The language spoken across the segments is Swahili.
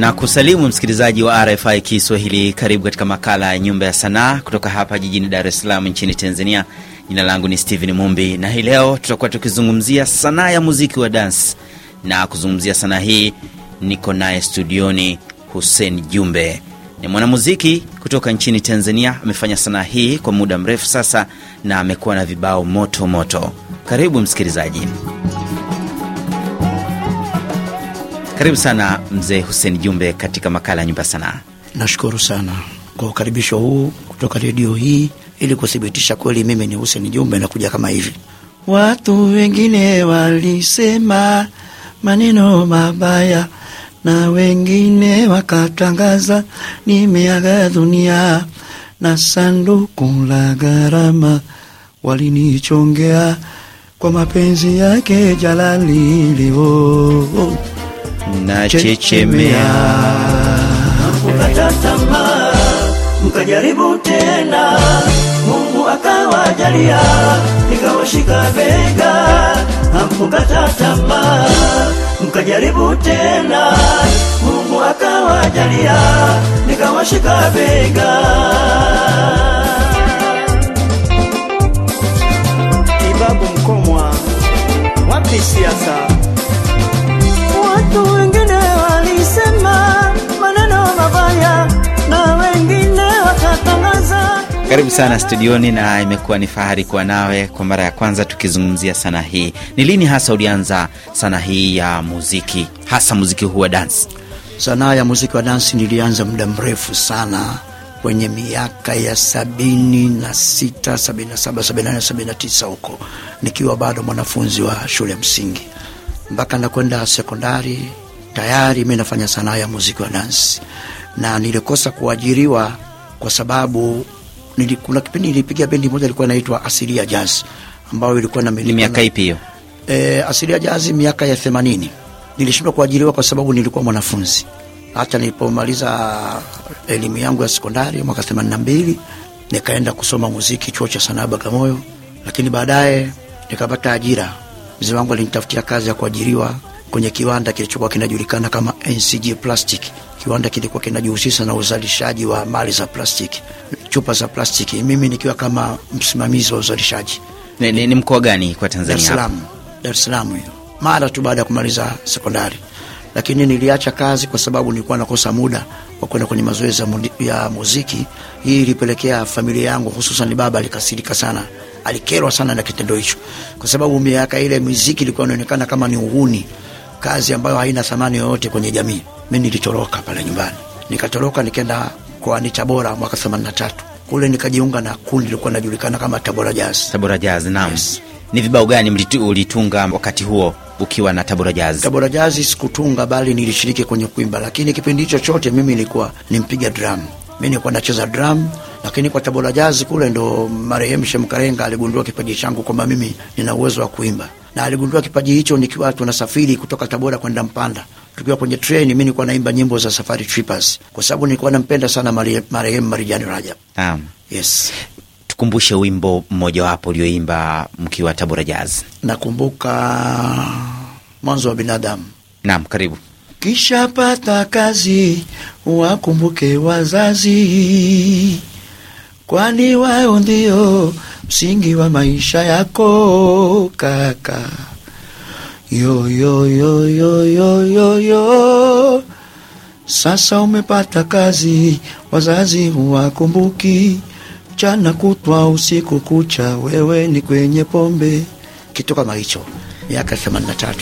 na kusalimu msikilizaji wa RFI Kiswahili. Karibu katika makala ya Nyumba ya Sanaa kutoka hapa jijini Dar es Salaam nchini Tanzania. Jina langu ni stephen Mumbi, na hii leo tutakuwa tukizungumzia sanaa ya muziki wa dansi, na kuzungumzia sanaa hii niko naye studioni Hussein Jumbe. Ni mwanamuziki kutoka nchini Tanzania, amefanya sanaa hii kwa muda mrefu sasa na amekuwa na vibao moto moto. Karibu msikilizaji. Karibu sana mzee Hussein Jumbe katika makala ya Nyumba ya Sanaa. Nashukuru sana kwa ukaribisho huu kutoka redio hii, ili kuthibitisha kweli mimi ni Hussein Jumbe na kuja kama hivi. Watu wengine walisema maneno mabaya na wengine wakatangaza nimeaga dunia, na sanduku la gharama walinichongea kwa mapenzi yake oh, oh na chechemea tamaa, mkajaribu tena, Mungu akawajalia, ikawashika bega, hamkukata mkajaribu tena, Mungu akawajalia, nikawashika bega. Ibabu Mkomwa, wapi siasa? Karibu sana studioni, na imekuwa ni fahari kuwa nawe kwa mara ya kwanza tukizungumzia sanaa hii. Ni lini hasa ulianza sanaa hii ya muziki, hasa muziki huu wa dansi? Sanaa ya muziki wa dansi nilianza muda mrefu sana, kwenye miaka ya sabini na sita, sabini na saba, sabini na nane, sabini na tisa huko, nikiwa bado mwanafunzi wa shule ya msingi mpaka nakwenda sekondari, tayari mi nafanya sanaa ya muziki wa dansi, na nilikosa kuajiriwa kwa sababu nilikula kipindi nilipiga bendi moja ilikuwa inaitwa Asilia Jazz ambayo ilikuwa na miliki miaka ipi hiyo? E, eh, ya Jazz miaka ya 80. Nilishindwa kuajiriwa kwa sababu nilikuwa mwanafunzi. Hata nilipomaliza elimu yangu ya sekondari mwaka 82 nikaenda kusoma muziki chuo cha sanaa Bagamoyo, lakini baadaye nikapata ajira. Mzee wangu alinitafutia kazi ya kuajiriwa kwenye kiwanda kilichokuwa kinajulikana kama NCG Plastic. Kiwanda kilikuwa kinajihusisha na uzalishaji wa mali za plastiki, chupa za plastiki, mimi nikiwa kama msimamizi wa uzalishaji. Ni, ni, ni mkoa gani kwa Tanzania? Dar es Salaam. hiyo, mara tu baada ya kumaliza sekondari, lakini niliacha kazi kwa sababu nilikuwa nakosa muda wa kwenda kwenye mazoezi ya muziki. Hii ilipelekea familia yangu hususan baba alikasirika sana, alikerwa sana na kitendo hicho, kwa sababu miaka ile muziki ilikuwa inaonekana kama ni uhuni kazi ambayo haina thamani yoyote kwenye jamii. Mi nilitoroka pale nyumbani, nikatoroka nikaenda mkoani Tabora mwaka themanini na tatu kule nikajiunga na kundi lilikuwa linajulikana kama Tabora Jazz. Tabora Jazz, naam. Yes. Ni vibao gani ulitunga wakati huo ukiwa na Tabora Jazz? Tabora Jazz sikutunga, bali nilishiriki kwenye kuimba, lakini kipindi hicho chote mimi nilikuwa nimpiga drum, mi nilikuwa nacheza drum lakini kwa Tabora Jazz kule ndo marehemu Shemkarenga aligundua kipaji changu kwamba mimi nina uwezo wa kuimba na aligundua kipaji hicho nikiwa tunasafiri kutoka Tabora kwenda Mpanda. Tukiwa kwenye treni, mi nilikuwa naimba nyimbo za Safari Trippers kwa sababu nilikuwa nampenda sana marehemu Marijani Rajab. Um, yes. Tukumbushe wimbo mmojawapo ulioimba mkiwa Tabora Jazz. Nakumbuka mwanzo wa binadamu. Naam, karibu. Kishapata kazi, wakumbuke wazazi, kwani wao ndio msingi wa maisha yako kaka. Yo, yo, yo, yo, yo, yo, yo. Sasa umepata kazi, wazazi huwakumbuki, mchana kutwa usiku kucha, wewe ni kwenye pombe, kitu kama hicho, miaka 83.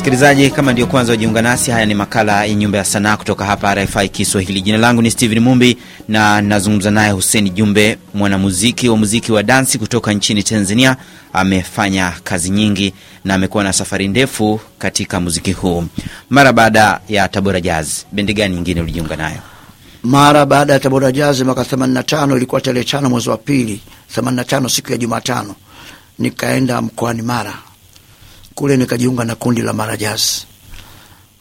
Msikilizaji, kama ndio kwanza wajiunga nasi, haya ni makala ya Nyumba ya Sanaa kutoka hapa RFI Kiswahili. Jina langu ni stehen Mumbi na nazungumza naye Hussein Jumbe, mwanamuziki wa muziki wa dansi kutoka nchini Tanzania. Amefanya kazi nyingi na amekuwa na safari ndefu katika muziki huu. Mara baada ya Tabora Jazz, bendi gani nyingine ulijiunga nayo? Mara baada ya Tabora Jazz mwaka 85, ilikuwa tarehe tano mwezi wa pili 85, siku ya Jumatano, nikaenda mkoani Mara kule nikajiunga na kundi la Marajazi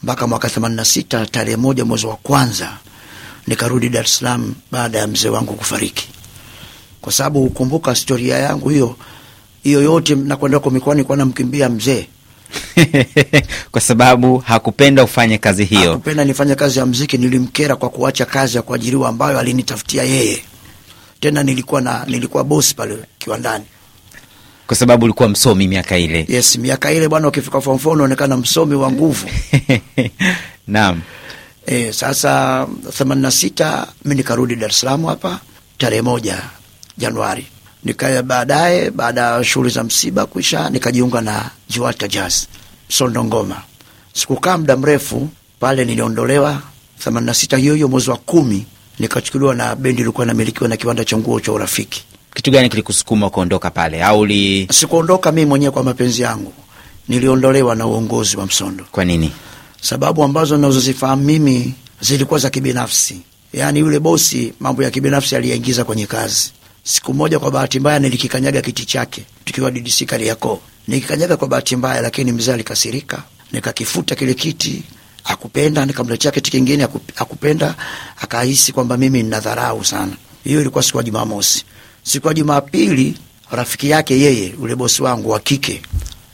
mpaka mwaka themani na sita tarehe moja mwezi wa kwanza nikarudi Dar Salaam baada ya mzee wangu kufariki, kwa sababu hukumbuka historia yangu hiyo hiyo yote, nakwenda huko mikoani kwa namkimbia mzee kwa sababu hakupenda ufanye kazi hiyo. Hakupenda nifanye kazi ya mziki. Nilimkera kwa kuacha kazi ya kuajiriwa ambayo alinitafutia yeye, tena nilikuwa na, nilikuwa bosi pale kiwandani kwa sababu ulikuwa msomi miaka ile. Yes, miaka ile bwana, ukifika form four unaonekana msomi wa nguvu naam. E, sasa themanini na sita mi nikarudi Dar es Salaam hapa tarehe moja Januari nikaya baadaye, baada ya shughuli za msiba kuisha, nikajiunga na Juwata Jazz Sondo Ngoma. Sikukaa muda mrefu pale, niliondolewa themanini na sita hiyo hiyo mwezi wa kumi, nikachukuliwa na bendi ilikuwa namilikiwa na kiwanda cha nguo cha Urafiki kitu gani kilikusukuma kuondoka pale au li... Sikuondoka mimi mwenyewe kwa mapenzi yangu, niliondolewa na uongozi wa Msondo. Kwa nini? Sababu ambazo nazozifahamu mimi zilikuwa za kibinafsi, yaani yule bosi mambo ya kibinafsi aliyaingiza kwenye kazi. Siku moja kwa bahati mbaya nilikikanyaga kiti chake tukiwa DDC Kariakoo, nikikanyaga kwa bahati mbaya, lakini mzee alikasirika, nikakifuta kile kiti akupenda nikamletea kiti kingine, akupenda akahisi kwamba mimi ninadharau sana. Hiyo ilikuwa siku ya Jumamosi. Siku ya Jumapili rafiki yake yeye ule bosi wangu wa kike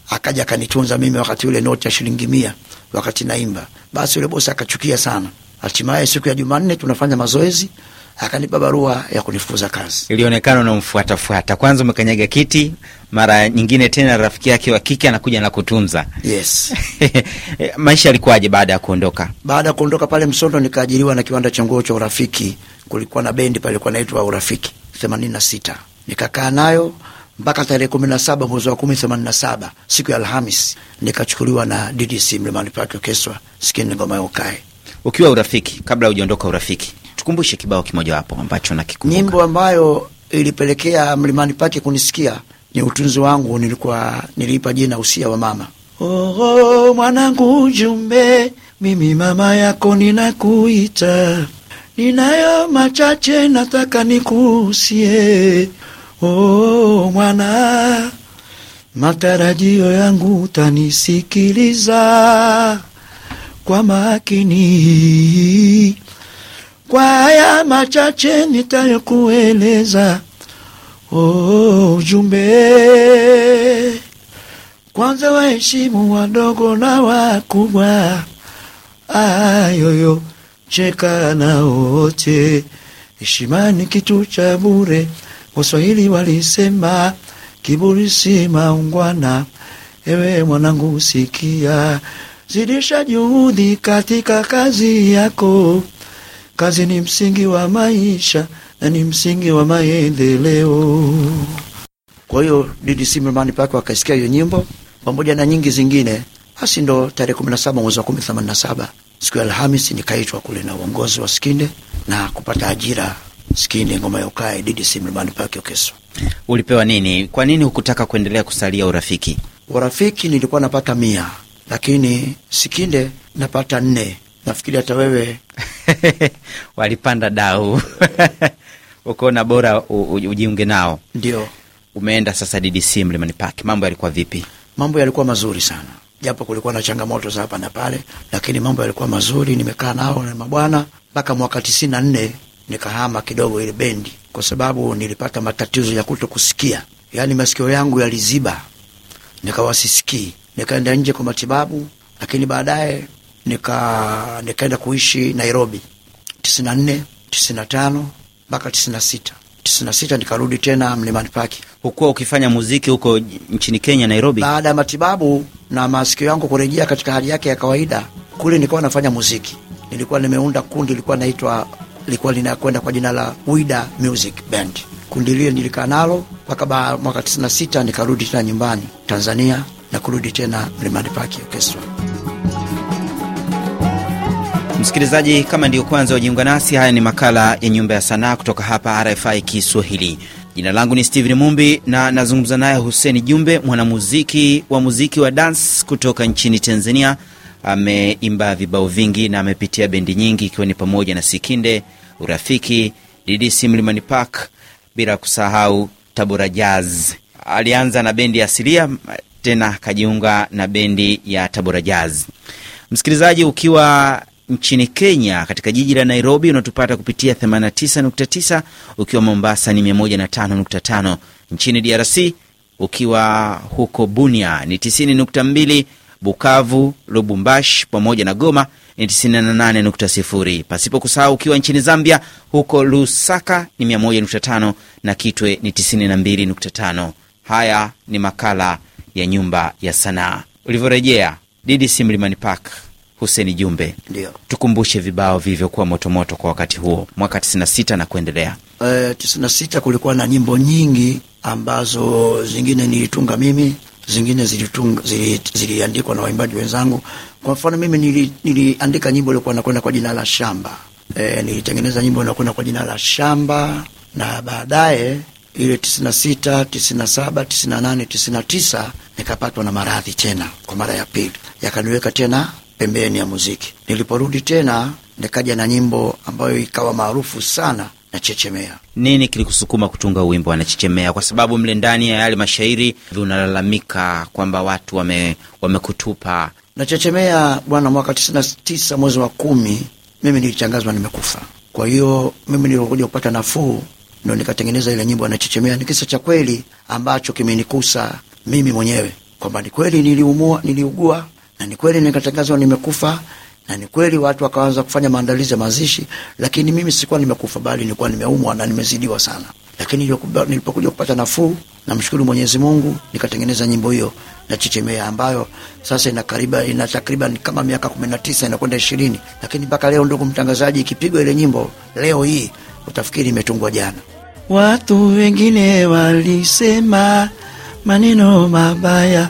akaja akanitunza mimi wakati ule noti ya shilingi mia wakati naimba. Basi ule bosi akachukia sana. Hatimaye siku ya Jumanne tunafanya mazoezi akanipa barua ya kunifukuza kazi. Ilionekana unamfuatafuata, kwanza umekanyaga kiti, mara nyingine tena rafiki yake wa kike anakuja na kutunza. Yes. maisha yalikuwaje baada ya kuondoka? Baada ya kuondoka pale Msondo, nikaajiriwa na kiwanda cha nguo cha Urafiki. Kulikuwa na bendi pale ilikuwa naitwa Urafiki themanini na sita, nikakaa nayo mpaka tarehe kumi na saba mwezi wa kumi themanini na saba siku ya Alhamis nikachukuliwa na DDC Mlimani Pake Ukeswa, sikini ngoma ya ukae. Ukiwa Urafiki, kabla hujaondoka Urafiki tukumbushe kibao wapo ambacho nakikumbuka. Nyimbo ambayo ilipelekea Mlimani Pake kunisikia ni utunzi wangu, nilikuwa niliipa jina usia wa mama. Oho, mwanangu Jumbe, mimi mama yako ninakuita, ninayo machache nataka nikuusie. Oh mwana, matarajio yangu tanisikiliza kwa makini, kwa haya machache nitayokueleza, oh, ujumbe kwanza, waheshimu wadogo na wakubwa, ayoyo, cheka na wote. Heshima ni kitu cha bure, Waswahili walisema kiburi si maungwana. Ewe mwanangu, sikia, zidisha juhudi katika kazi yako Kazi ni msingi wa maisha na ni msingi wa maendeleo. Kwa hiyo Didi Simirmani pake akaisikia hiyo nyimbo pamoja na nyingi zingine, basi ndo tarehe kumi na saba mwezi wa saba siku ya Alhamisi nikaitwa kule na uongozi wa Skinde na kupata ajira Skinde, ngoma ya ukae Didi Simirmani pake kesho. Ulipewa nini? Kwa nini hukutaka kuendelea kusalia urafiki? Urafiki nilikuwa napata mia, lakini Sikinde napata nne nafikiri hata wewe walipanda dau ukaona bora ujiunge nao. Ndio umeenda sasa DDC Mlimani Park, mambo yalikuwa vipi? Mambo yalikuwa mazuri sana, japo kulikuwa na changamoto za hapa na pale, lakini mambo yalikuwa mazuri. Nimekaa nao na mabwana mpaka mwaka tisini na nne nikahama kidogo ile bendi, kwa sababu nilipata matatizo ya kuto kusikia, yaani masikio yangu yaliziba, nikawasisikii. Nikaenda nje kwa matibabu, lakini baadaye nika nikaenda kuishi Nairobi tisini na nne tisini na tano mpaka tisini na sita tisini na sita nikarudi tena Mlimani Paki. Hukuwa ukifanya muziki huko nchini Kenya, Nairobi? Baada ya matibabu na masikio yangu kurejea katika hali yake ya kawaida, kule nikawa nafanya muziki. Nilikuwa nimeunda kundi lilikuwa naitwa likuwa linakwenda kwa jina la Wida Music Band. Kundi lile nilikaa nalo mpaka mwaka tisini na sita nikarudi tena nyumbani Tanzania na kurudi tena Mlimani Paki Orchestra. Msikilizaji, kama ndiyo kwanza wajiunga nasi, haya ni makala ya Nyumba ya Sanaa kutoka hapa RFI Kiswahili. Jina langu ni stehen Mumbi na nazungumza naye Huseni Jumbe, mwanamuziki wa muziki wa dance kutoka nchini Tanzania. Ameimba vibao vingi na amepitia bendi nyingi, ikiwa ni pamoja na Sikinde, Urafiki, DDC Mlimani Park, bila kusahau Tabora Jazz. Alianza na bendi ya asilia, tena akajiunga na bendi ya Tabora Jazz. Msikilizaji, ukiwa nchini Kenya, katika jiji la Nairobi unatupata kupitia 89.9, ukiwa Mombasa ni 105.5, nchini DRC ukiwa huko Bunia ni 90.2, Bukavu, lubumbash pamoja na Goma ni 98.0, pasipo kusahau ukiwa nchini Zambia huko Lusaka ni 15 na Kitwe ni 92.5. Haya ni makala ya Nyumba ya Sanaa. Ulivyorejea DDC Mlimani Park Huseni Jumbe, ndio tukumbushe vibao vilivyokuwa motomoto kwa wakati huo mwaka 96 na kuendelea. Uh, eh, 96 kulikuwa na nyimbo nyingi ambazo zingine nilitunga mimi, zingine zilitunga ziliandikwa na waimbaji wenzangu. Kwa mfano mimi nili, niliandika nyimbo ilikuwa nakwenda kwa jina la shamba. E, nilitengeneza nyimbo inakwenda kwa jina la shamba, na baadaye ile tisini na sita, tisini na saba, tisini na nane, tisini na tisa nikapatwa na maradhi tena kwa mara ya pili, yakaniweka tena pembeni ya muziki. Niliporudi tena nikaja na nyimbo ambayo ikawa maarufu sana na Chechemea. Nini kilikusukuma kutunga wimbo wa Nachechemea? Kwa sababu mle ndani ya yale mashairi unalalamika kwamba watu wame wamekutupa. Nachechemea bwana, mwaka tisini na tisa mwezi wa kumi mimi nilitangazwa nimekufa. Kwa hiyo mimi nilikuja kupata nafuu, ndo nikatengeneza ile nyimbo Nachechemea. Ni kisa cha kweli ambacho kimenikusa mimi mwenyewe, kwamba ni kweli niliumua, niliugua na ni kweli nikatangazwa nimekufa, na ni kweli watu wakaanza kufanya maandalizi ya mazishi, lakini mimi sikuwa nimekufa, bali nilikuwa nimeumwa na nimezidiwa sana. Lakini nilipokuja kupata nafuu, namshukuru Mwenyezi Mungu, nikatengeneza nyimbo hiyo na Chichemea ambayo sasa ina kariba ina takriban kama miaka kumi na tisa inakwenda ishirini, lakini mpaka leo, ndugu mtangazaji, ikipigwa ile nyimbo leo hii utafikiri imetungwa jana. Watu wengine walisema maneno mabaya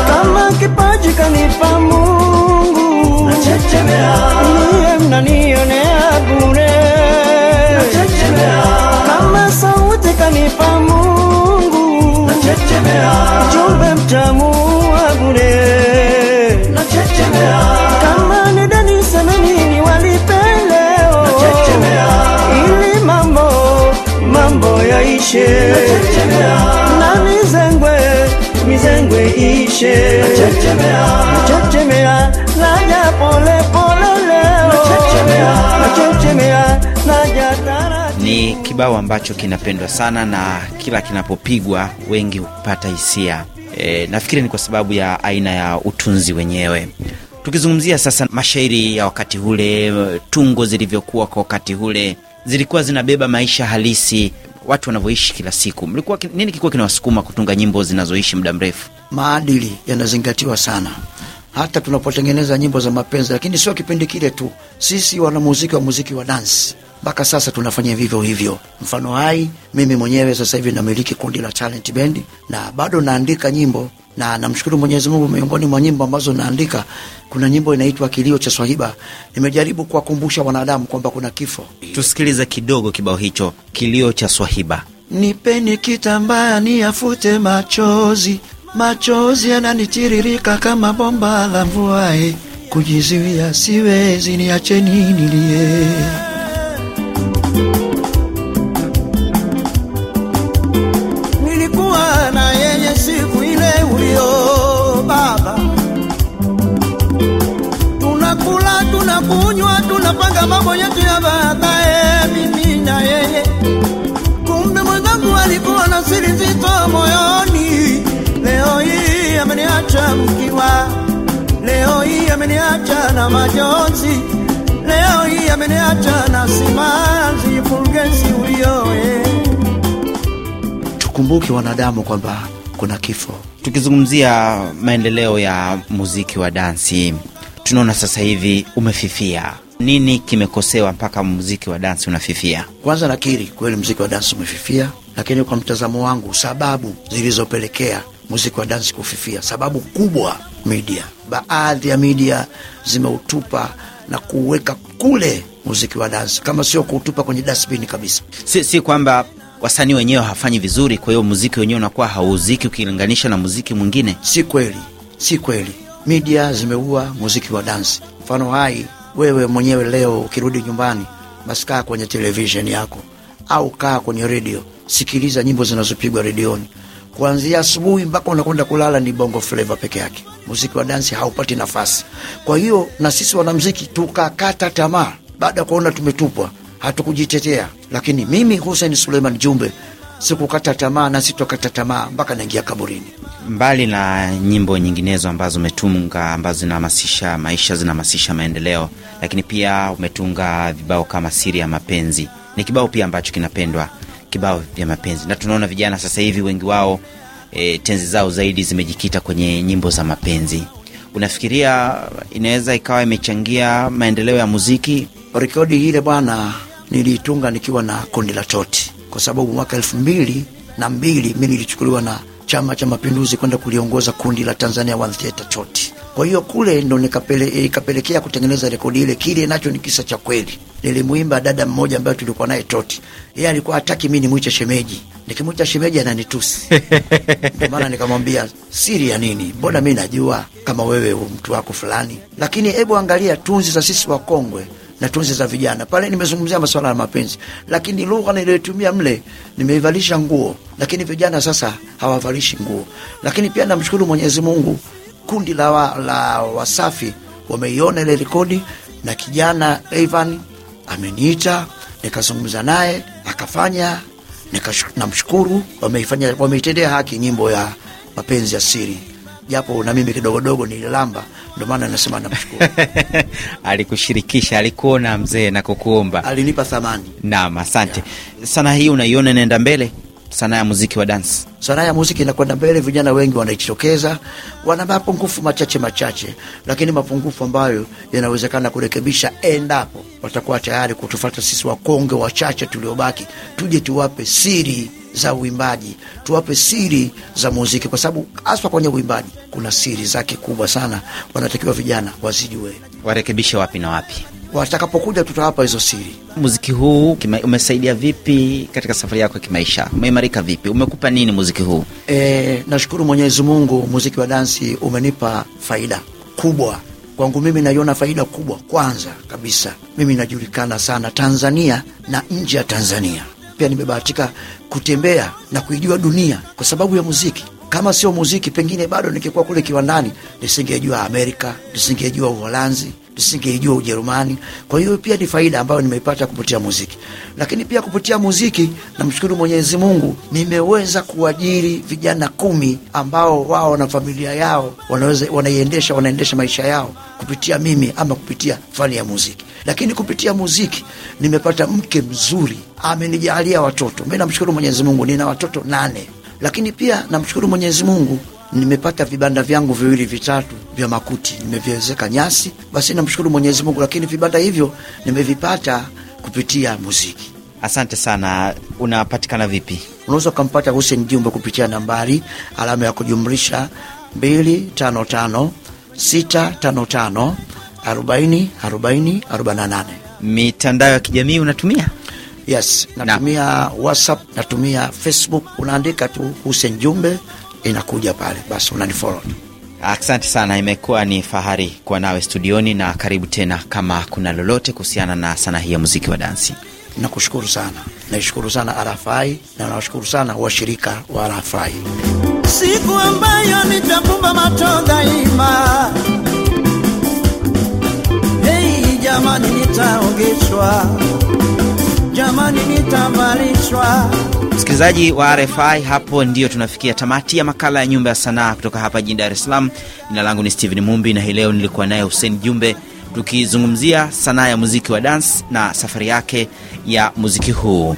kanipa Mungu, nachechemea niye mnanionea bure, nachechemea kama sauti kanipa Mungu, jumbe mtamu wa bure, kama nidani sana nini walipe ili mambo mambo yaishe, nachechemea ishe. Nachechemea, naja pole pole leo. Nachechemea, naja Ni kibao ambacho kinapendwa sana na kila kinapopigwa wengi hupata hisia e, nafikiri ni kwa sababu ya aina ya utunzi wenyewe tukizungumzia sasa mashairi ya wakati ule tungo zilivyokuwa kwa wakati ule zilikuwa zinabeba maisha halisi watu wanavyoishi kila siku mlikuwa nini kilikuwa kinawasukuma kutunga nyimbo zinazoishi muda mrefu maadili yanazingatiwa sana hata tunapotengeneza nyimbo za mapenzi. Lakini sio kipindi kile tu, sisi wanamuziki wa muziki wa dansi mpaka sasa tunafanya vivyo hivyo. Mfano hai, mimi mwenyewe sasa hivi namiliki kundi la talent bend na bado naandika nyimbo, na namshukuru Mwenyezi Mungu. Miongoni mwa nyimbo ambazo naandika, kuna nyimbo inaitwa Kilio cha Swahiba. Nimejaribu kuwakumbusha wanadamu kwamba kuna kifo. Tusikilize kidogo kibao hicho, Kilio cha Swahiba. Nipeni kitambaa niafute machozi Machozi yananitiririka kama bomba la mvua, eh. kujizuia siwezi, niacheni nilie. Nilikuwa na yeye siku ile tunakula tunakunywa, tunapanga mambo yetu ya baadaye, mimi na yeye. Kumbe mwenzangu alikuwa na siri nzito moyoni ameniacha mkiwa, leo hii ameniacha na majonzi, leo hii ameniacha na simanzi. Fulgensi ulioe, tukumbuke wanadamu kwamba kuna kifo. Tukizungumzia maendeleo ya muziki wa dansi, tunaona sasa hivi umefifia. Nini kimekosewa mpaka muziki wa dansi unafifia? Kwanza nakiri kweli muziki wa dansi umefifia, lakini kwa mtazamo wangu, sababu zilizopelekea muziki wa dansi kufifia. Sababu kubwa media, baadhi ya media zimeutupa na kuweka kule muziki wa dansi, kama sio kuutupa kwenye dasbini kabisa. Si, si kwamba wasanii wenyewe hawafanyi vizuri, kwa hiyo muziki wenyewe unakuwa hauuziki ukilinganisha na muziki mwingine. Si kweli, si kweli. Media zimeua muziki wa dansi. Mfano hai, wewe mwenyewe leo ukirudi nyumbani, basi kaa kwenye televisheni yako au kaa kwenye redio, sikiliza nyimbo zinazopigwa redioni kuanzia asubuhi mpaka unakwenda kulala ni bongo fleva peke yake. Muziki wa dansi haupati nafasi. Kwa hiyo na sisi wanamziki tukakata tamaa baada ya kuona tumetupwa, hatukujitetea. Lakini mimi Hussein Suleiman Jumbe sikukata tamaa na sitokata tamaa mpaka naingia kaburini. Mbali na nyimbo nyinginezo ambazo umetunga ambazo zinahamasisha maisha, zinahamasisha maendeleo, lakini pia umetunga vibao kama siri ya mapenzi, ni kibao pia ambacho kinapendwa kibao vya mapenzi, na tunaona vijana sasa hivi wengi wao e, tenzi zao zaidi zimejikita kwenye nyimbo za mapenzi. Unafikiria inaweza ikawa imechangia maendeleo ya muziki? Rekodi ile bwana, niliitunga nikiwa na kundi la Toti, kwa sababu mwaka elfu mbili na mbili mi nilichukuliwa na Chama cha Mapinduzi kwenda kuliongoza kundi la Tanzania One Toti kwa hiyo kule ndo nikapele, eh, ikapelekea kutengeneza rekodi ile. Kile nacho ni kisa cha kweli. Nilimwimba dada mmoja ambaye tulikuwa naye Toti, yeye alikuwa hataki mi nimwite shemeji, nikimwita shemeji ananitusi ndio maana nikamwambia siri ya nini? Mbona mi najua kama wewe mtu wako fulani, lakini hebu angalia tunzi za sisi wakongwe na tunzi za vijana pale. Nimezungumzia masuala ya mapenzi, lakini lugha niliyotumia mle nimeivalisha nguo, lakini vijana sasa hawavalishi nguo. Lakini pia namshukuru Mwenyezi Mungu kundi la, wa, la Wasafi wameiona ile rekodi, na kijana Rayvan ameniita nikazungumza naye akafanya namshukuru, wameifanya wameitendea haki nyimbo ya mapenzi ya siri, japo na mimi kidogodogo nililamba, ndio maana nasema namshukuru. Alikushirikisha, alikuona mzee na kukuomba, alinipa thamani. Naam, asante yeah sana. Hii unaiona inaenda mbele sanaa ya muziki wa dansi, sanaa ya muziki inakwenda mbele, vijana wengi wanaitokeza, wana mapungufu machache machache, lakini mapungufu ambayo yanawezekana kurekebisha endapo watakuwa tayari kutufata sisi wakonge wachache tuliobaki, tuje tuwape siri za uimbaji, tuwape siri za muziki, kwa sababu haswa kwenye uimbaji kuna siri zake kubwa sana, wanatakiwa vijana wazijue, warekebishe wapi na wapi watakapokuja tutawapa hizo siri. Muziki huu umesaidia vipi katika safari yako ya kimaisha? Umeimarika vipi? Umekupa nini muziki huu? E, nashukuru Mwenyezi Mungu, muziki wa dansi umenipa faida kubwa kwangu mimi naiona faida kubwa. Kwanza kabisa mimi najulikana sana Tanzania na nje ya Tanzania. Pia nimebahatika kutembea na kuijua dunia kwa sababu ya muziki. Kama sio muziki, pengine bado nikikuwa kule kiwandani nisingejua Amerika, nisingejua Uholanzi, tusingeijua Ujerumani. Kwa hiyo pia ni faida ambayo nimeipata kupitia muziki, lakini pia kupitia muziki namshukuru Mwenyezi Mungu nimeweza kuajiri vijana kumi ambao wao na familia yao wanaweza wanaiendesha wanaendesha maisha yao kupitia mimi ama kupitia fani ya muziki. Lakini kupitia muziki nimepata mke mzuri, amenijalia watoto. Mi namshukuru Mwenyezi Mungu, nina watoto nane. Lakini pia namshukuru Mwenyezi Mungu nimepata vibanda vyangu viwili vitatu vya makuti, nimeviwezeka nyasi. Basi namshukuru Mwenyezi Mungu, lakini vibanda hivyo nimevipata kupitia muziki. Asante sana. Unapatikana vipi? Unaweza ukampata husen Jumbe kupitia nambari alama ya kujumlisha 255 655 Mitandao ya kijamii unatumia? Yes, natumia na WhatsApp, natumia Facebook. Unaandika tu husen Jumbe inakuja pale, basi unanifollow. Asante sana, imekuwa ni fahari kuwa nawe studioni, na karibu tena kama kuna lolote kuhusiana na sanaa hii ya muziki wa dansi. Nakushukuru sana, naishukuru sana RFI na nawashukuru sana washirika wa RFI. Siku ambayo nitakumba mato daima, hei jamani, nitaongeshwa jamani, nitavalishwa. Msikilizaji wa RFI, hapo ndio tunafikia tamati ya makala ya Nyumba ya Sanaa kutoka hapa jijini Dar es Salaam. Jina langu ni Steven Mumbi na hii leo nilikuwa naye Hussein Jumbe tukizungumzia sanaa ya muziki wa dance na safari yake ya muziki huu.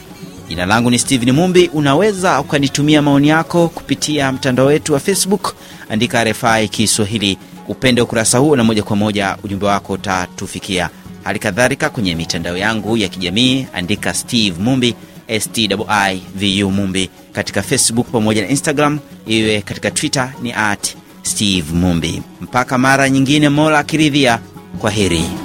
Jina langu ni Steven Mumbi. Unaweza ukanitumia maoni yako kupitia mtandao wetu wa Facebook, andika RFI Kiswahili, upende ukurasa huo, na moja kwa moja ujumbe wako utatufikia. Hali kadhalika kwenye mitandao yangu ya kijamii andika Steve Mumbi Stivu Mumbi katika Facebook pamoja na Instagram, iwe katika Twitter ni at Steve Mumbi. Mpaka mara nyingine, Mola akiridhia, kwa heri.